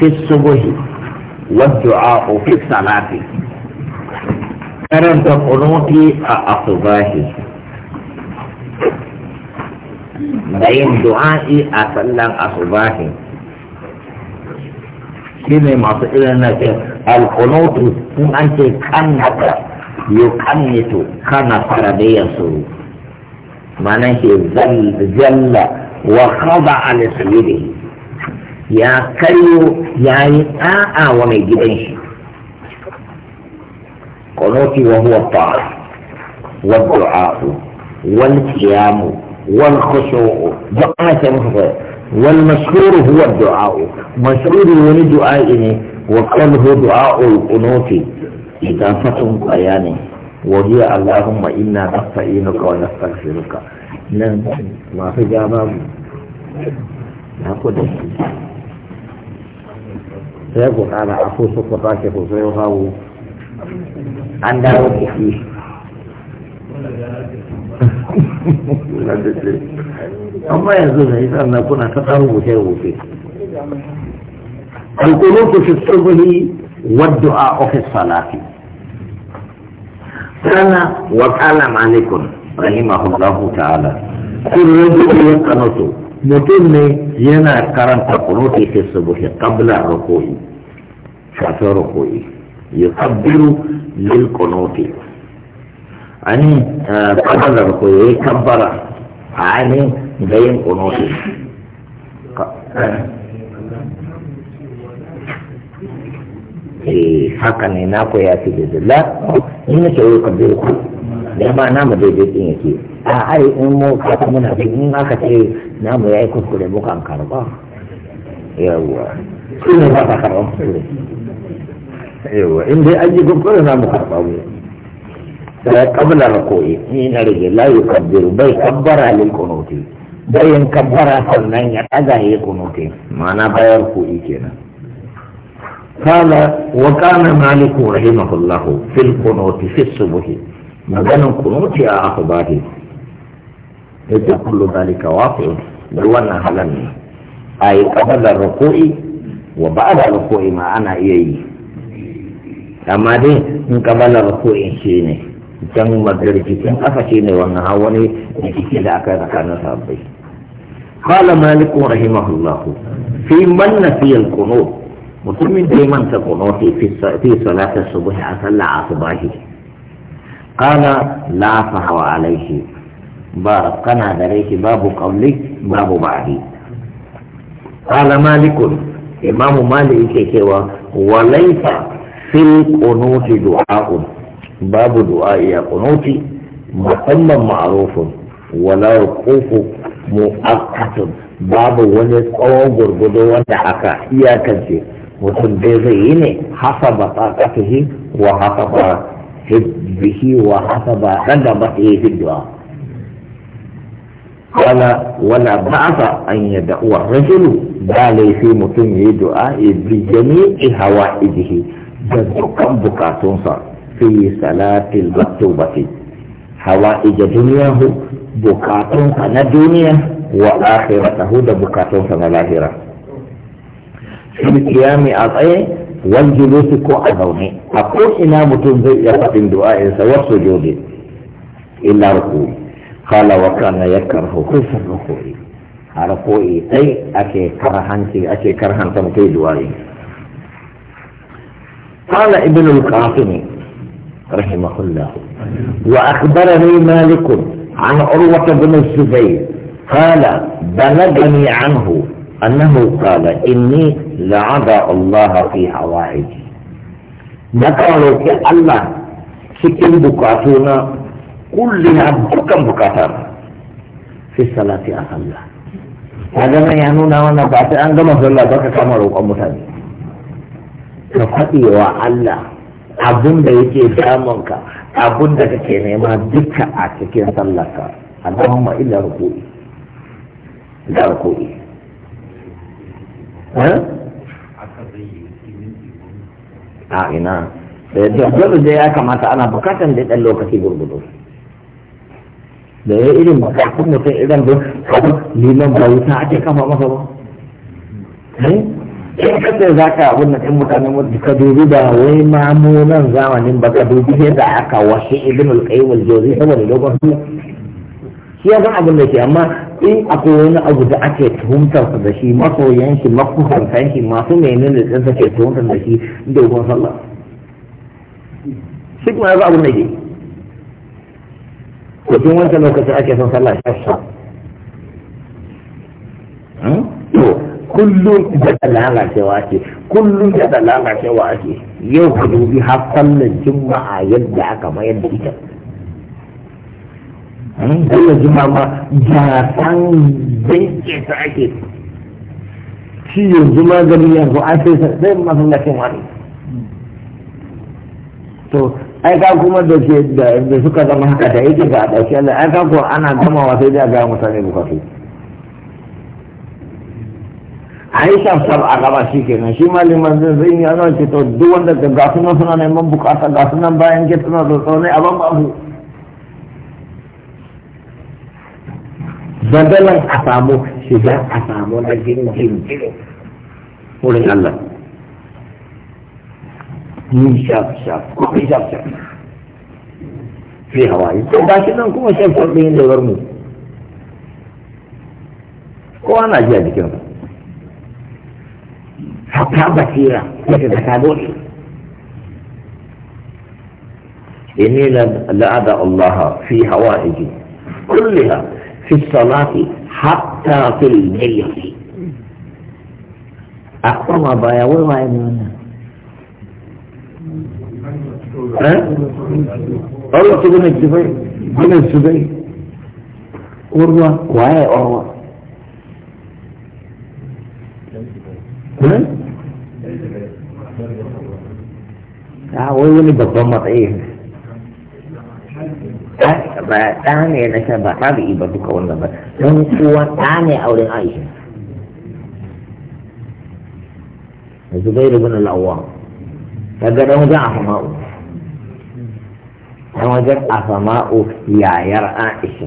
في الصبح والدعاء في الصلاة كرم تقنوتي أقضاه لأن دعائي أصلا أقضاه كيني ما سئلنا القنوت كن أنت كنك يكنت كان فردي يسوع معناه ذل ذل وخضع لسيده يا karyo يا yi ɗa'a wa mai قنوتي وهو الطاعة والدعاء والقيام والخشوع دعاء مفضل والمشهور هو الدعاء مشهور من دعائه وقاله دعاء القنوت إضافة بيان وهي اللهم إنا نستعينك ونستغفرك لن نعم، ما في جواب ناخذ sai ku kana a ko su ku sake ku sai hawo an dawo ku amma yanzu ne isa na kuna ta tsaro wuce rubuce alqulutu fi subhi wad a ofis salati sana wa qala malikun rahimahullahu ta'ala kullu rajulin yaqnutu mutum ne yana karanta kunuti fi subuhi qabla ruku'i kafin ruku'i yukabbiru lil kunuti ani eh, qabla ruku'i kabbara ani da yin kunuti eh, eh haka ne na koya fi da la in ne ke kabbiru ku da ba na mu daidai din yake a ai in mu ka muna in aka ce نعم يا يكون كل مقام كربا يا كل ما تكرم أيوة عندي أي كل ما مقربا قبل الركوع حين رجع لا يكبر بل كبر الكنوتي بين كبر فلن يتعدى هي قنوت ما أنا بير كنا قال وكان مالك رحمه الله في الكنوتي في الصبح ما كان الكنوتي يا إذا كل ذلك واقع da wannan ne a yi kabalar ruku'i wa da ruku'i ma ana iya yi amma dai in kabalar ruku'i shi ne don madarjikin aka shi ne wannan hawa ne da kike da aka tsakanin sabbai qala malik rahimahullah fi man nasiya al-qunut mutumin da ya manta kunuti fi salatar subuhi a sallah asubahi qala la fa hawa alaihi ba kana da shi babu kauli babu ba'adi qala malikun imam malik yake cewa wa laysa fil qunuti du'a'un babu du'a ya qunuti musamman ma'rufun la yuqufu mu'akkatun babu wani tsawon gurgudu wanda aka iyakance mutum dai zai yi ne hasaba tsakatihi wa hasaba hibbihi wa ba ba ragabatihi eh, yi du'a قال ولا بعث أن يدعو الرجل بالي في متن يدعى بجميع هوائده جذبك بكاتونسا في صلاة المكتوبة هوائج دنياه بكاتونسا الدنيا وآخرته ده بكاتونسا الآخرة في القيام أطيع والجلوس كو أدوني أقول إنا متن زي يفتن دعائي سوى السجود إلا ركوعي قال وكان يكره كيف الركوع الركوع أي أكي كرهنتي أكي كرهنت مكيد واري قال ابن القاسم رحمه الله وأخبرني مالك عن عروة بن الزبير قال بلغني عنه أنه قال إني لعذا الله في حوائجي كي الله سكين بكاتونا a dukkan bukata fi salati a Allah. kaga nan ya nuna wannan ba sai an gama sallah ba ka kama roƙon mutane ka faɗi wa Allah abun da yake damunka abun da kake nema duka a cikin sallarka Allahumma illa ruku'i da ruku'i a ina da yadda da ya kamata ana bukatan da ɗan lokaci gurgudu da ya irin makakun mutum idan don liman ba ta ake kama masa ba eh? in kace za ka abin nan in mutanen wadda ka dubi ba wai mamunan zamanin ba ka dubi da aka washe ibin al-qayyim al-jawzi saboda dogon su shi ya zan abin da ke amma in akwai wani abu da ake tuhumtar su da shi masoyan shi makusantan shi masu menene da sa ke tuhumtar da shi dogon sallah shi kuma ya abin da ke ko tun wancan lokacin ake son sallah shafsa hmm? to kullum da lalacewa ake kullum da lalacewa ake yau ku dubi har sallan juma'a yadda aka mayar da ita hmm? sallar juma'a ma san danke ta ake shi yanzu ma gari yanzu an sai sai masallacin wani to ai ka kuma da ke da suka zama haka da yake ga ɗauki Allah ai ka kuma ana gama wa sai da ga mutane bukatu ai sab a gaba shi kenan shi malamin zai zai yi ana ce to duk wanda ga ga nan suna neman bukata ga nan bayan ke suna da tsaune a ban babu badalan a samu shiga a samu na jin jin wurin Allah من شاف شاف كل شاف شاف في هواي لكنهم كما شاف شرطين ليرموا وانا جاي بكم حتى لكن تكادوش إني لأدع الله في هوائجي كلها في الصلاة حتى في المريض أقوم بيا وين ها قالوا كده من الجبين من الجبين أروى وعي أروى ها آه، وين اللي بتضمط ايه آه، تاني انا شبه حبي ايه بدو كون لما من قوة تاني او لغايش الزبير بن الاوام فقد انا وجعهم هؤلاء ta wajen asama'u yayar aisha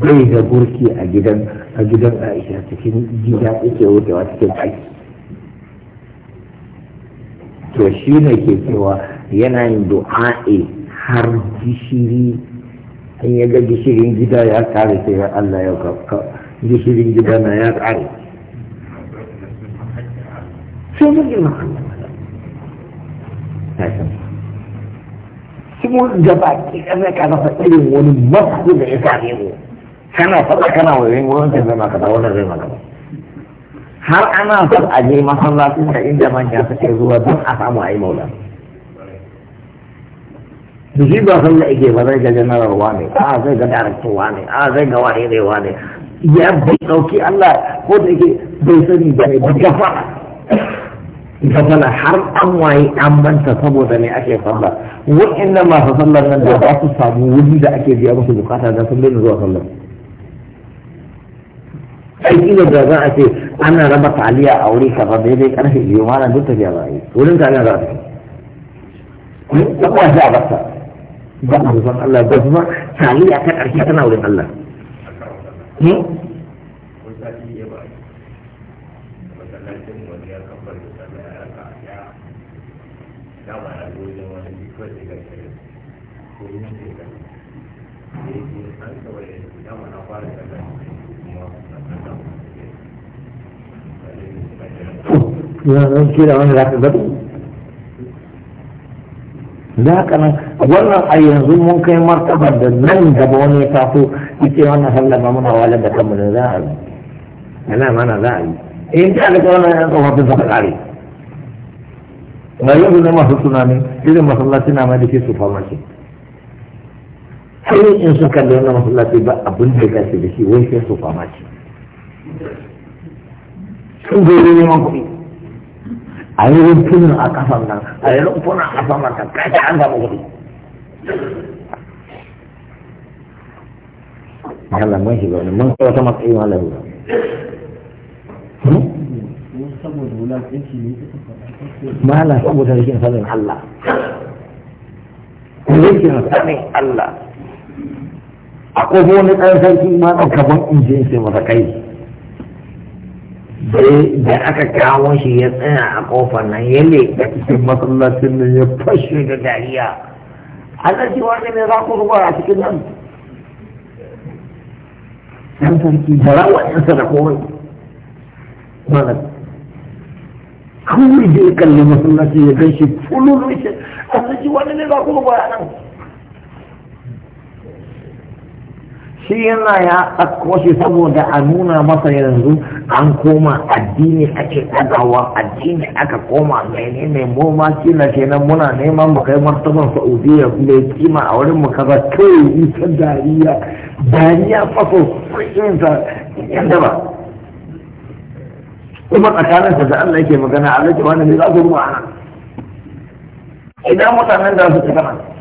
bai da gurki a gidan a gidan aisha cikin gida yake wucewa cikin aiki to shi ne ke cewa yana yin du'a'i har gishiri in ya ga gishirin gida ya kare sai ya Allah ya gishirin gida na ya kare sai ya girma Allah mu gaba ki kana ka rasa irin wani masu da ya same mu kana faɗa kana wajen wurin ta zama kaza wannan zai maka har ana son a je masallacin da inda manya suke zuwa don a samu a yi maula da shi ba sallah yake ba zai ga janarar wane a zai ga darakta wane a zai ga wane ne wane ya bai ɗauki Allah ko da yake bai sani ba ne gafara gafara har an waye an manta saboda ne ake sallah wa'annan masu sallar nan da ba su samu wuri da ake biya musu bukata da sun daina zuwa sallar aiki da da za a ce ana raba taliya a wuri kafa daidai karfe biyu malam duk tafiya ba yi wurin taliya za a ce. da kuma shi a basta ba a san Allah ba kuma taliya ta karshe tana wurin Allah hmm? yanzu kira wani zaka zaɓi za ka nan wannan a yanzu mun kai martabar da nan gaba wani ya taso ita wannan sallah ba muna walar da kanmu da za a yi ana mana za a yi in ji alaƙa wannan yan tsofaffin zafi ƙare ba yanzu ne masu tunanin irin masallaci na ma da ke su fama sai in sun kalli wannan masallaci ba abin da ya da shi wai sai su fama shi sun zo neman kuɗi a yi rumfunan a kafan nan a yi rumfunan a saman kan kashi an samu kuɗi Allah mun shiga wani mun kai wata matsayi ma ne hmm? mala saboda rikin sanin Allah rikin sanin Allah a ƙofo wani ɗan sarki ma tsakafin injin sai masa kai da aka kawo shi ya tsaya a ƙofar nan ya leƙa cikin masallacin nan ya fashe da dariya Allah shi wani ne za ku zuba a cikin nan ɗan sarki da rawa da komai malam kawai da ya kalli masallaci ya gan shi fululu shi Allah shi wani ne za ku zuba a nan shi yana ya ɗauko shi saboda a nuna masa yanzu an koma addini ake ɗagawa addini aka koma mene ne mu ma kila kenan muna neman mu kai martaban saudiya mai kima a wurin mu kaza kai ta dariya dariya faso kuɗin ta yanda ba kuma tsakaninsa da Allah yake magana a lokacin wani ne za su ruwa idan mutanen da su ci gaba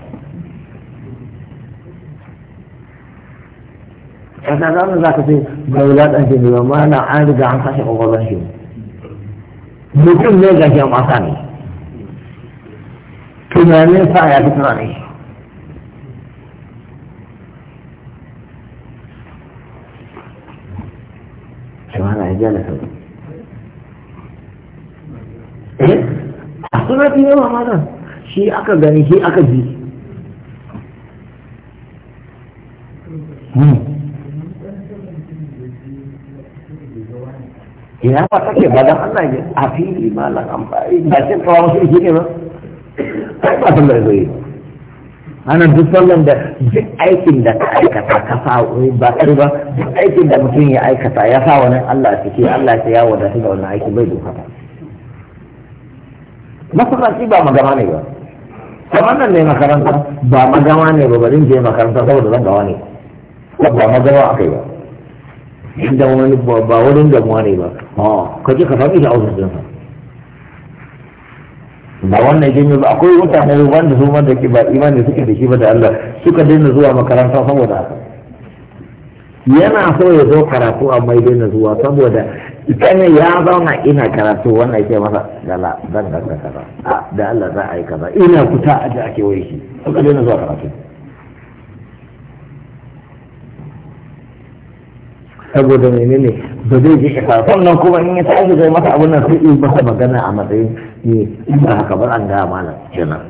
kasa za za ka ce ga wulaƙanci ne ba na an riga an kashe ƙwaƙwalwar shi mutum ne ga shi ne tunanin sa ya fi tunanin eh? shi شمعنا عجالة ايه احسنت يوم هذا شيء اكا غني شيء aka ji. ya ba take ba dan Allah ya a fili malam an ba ba sai fara wasu shi ne ba kai ba san da zai ana duk sallan da duk aikin da ka aikata ka sa ba kar ba duk aikin da mutum ya aikata ya sa wani Allah ciki Allah ya wada shi da wannan aiki bai dokata masallaci ba magama ne ba kamar nan ne makaranta ba magama ne ba bari je makaranta saboda zan gawa ne ba magama akai ba inda wani ba wurin damuwa ne ba ka je ka faɗi da ofis ɗinsa ba wannan jami'a ba akwai mutane wanda su wanda ke ba imani suke da shi ba da Allah suka daina zuwa makaranta saboda haka yana so ya zo karatu amma ya daina zuwa saboda ita ya zauna ina karatu wannan yake masa dala zan da kaza da Allah za a yi kaza ina kuta a ake wai shi suka daina zuwa karatu saboda ne ba zai ji kasa sannan kuma in ya tashi zai mata abin nan sai yi masa magana a matsayin ne eh, in ba haka ba an gaya mana kenan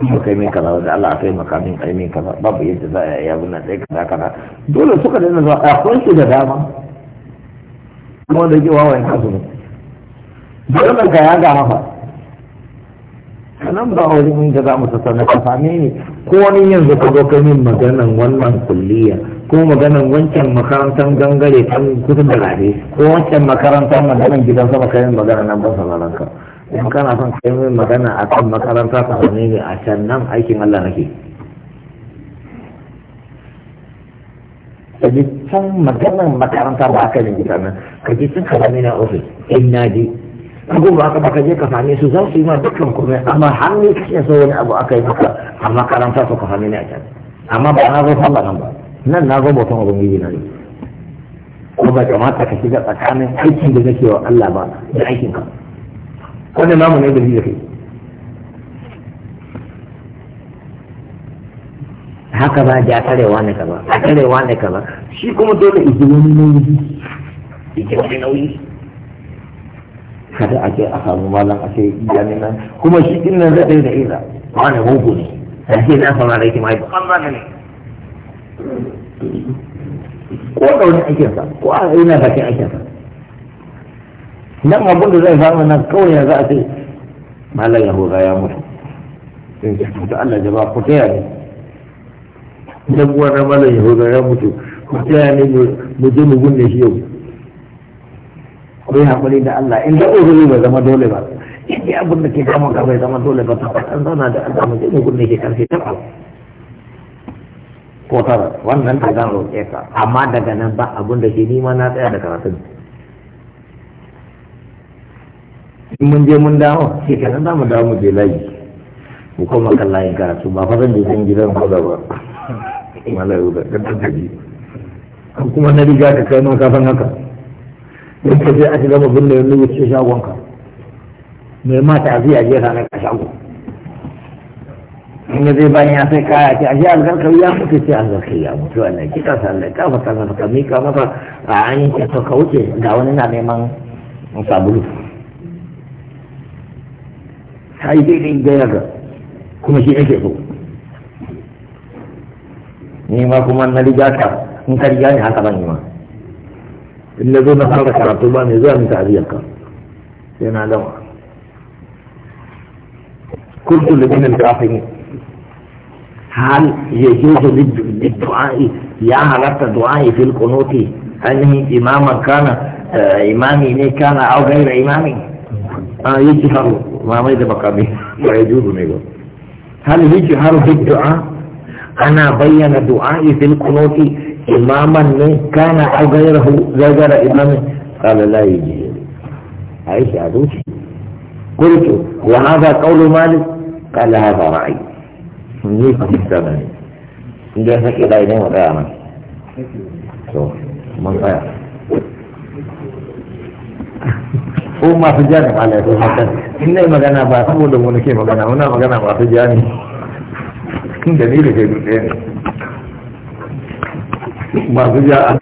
ba kai min kaza wanda Allah a kai maka kai min kaza babu yadda za a yi abin nan sai kaza kaza dole suka daina zuwa a kwanci da dama kuma da ke wawayen kasu ne dole ka ya ga masa sanan ba wani in ga za mu sassana kasa ne ne ko wani yanzu ka zo kai min maganan wannan kulliya ko maganan wancan makarantar gangare kan kusan da rafi ko wancan makarantar maganan gidan sama kayan magana nan ba sauraron ka in kana son kai magana a kan makaranta ta ne ne a can nan aikin Allah nake kaji can maganan makaranta ba aka yin gidan nan kaji sun ka sami na ofis in na ji abu ba ka baka je ka same su za su yi ma dukkan kuma amma hannu kashe kake so wani abu aka yi maka a makaranta su ka ne a can amma ba na zo sallah nan ba nan na ga mutum yi na ne ko ba kamata ka shiga tsakanin aikin da nake wa Allah ba da aikin ka ne namu ne da ni da haka ba da karewa ne kaza a karewa ne kaza shi kuma dole ijilin nauyi ijilin nauyi kada a ce a samu malam a ce iyali nan kuma shi din nan zai da ina, wani mugu ne a ce na fara da yake mai ba ne ko da wani aikinsa ko a yana aikin aikinsa nan abin da zai samu nan kawai yanzu a ce malam yahuda ya mutu to Allah jama'a ku taya ne dan uwan na malam yahuda ya mutu ku taya ne mu je mu gunne shi yau ku yi hakuri da Allah in da uzuri ba zama dole ba in abin da ke kama ka bai zama dole ba ta an zana da Allah mu je mu gunne shi karfe ta ko tara wannan ta zan roƙe ka amma daga nan ba abin da ke nima na tsaya da karatun in mun je mun dawo shi kenan za mu dawo mu je layi mu koma kan layin karatu ba fa zan je gidan ko da ba malayu da kan an kuma na riga ka kai ma ka san haka yadda sai a shiga mabin da yanzu wuce shagonka mai mata zai a jera na ka shagon in ya zai bayan ya sai kaya ce ashe algarkawi ya mutu sai algarkawi ya mutu wannan kika sallai ka fata masa ka mika masa a an yanke to ka wuce ga wani na neman sabulu sai dai dai da yaga kuma shi yake so ni ma kuma na riga ka in ka riga ni haka ban yi ma in na zo na fara karatu ba mai zuwa min ariyar ka sai na gama kuntu da ginin kafin هل يجوز للدعاء يا هلت دعائي في القنوت أنه إماما كان آه، إمامي كان أو غير إمامي آه، يجهر ما ميد مقامي ويجوز نيوه هل يجهر في الدعاء أنا بين دعائي في القنوت إماما كان أو غيره غير إمامي قال لا يجهر عيش عدوش قلت وهذا قول مالك قال هذا رأيي ni fahimta da ne in dai haƙi da idan wa tsaya nan to mun tsaya ko masu jani ba laifin hakan in nai magana ba saboda mu nake magana muna magana masu jani dalilin da dutse ne masu jani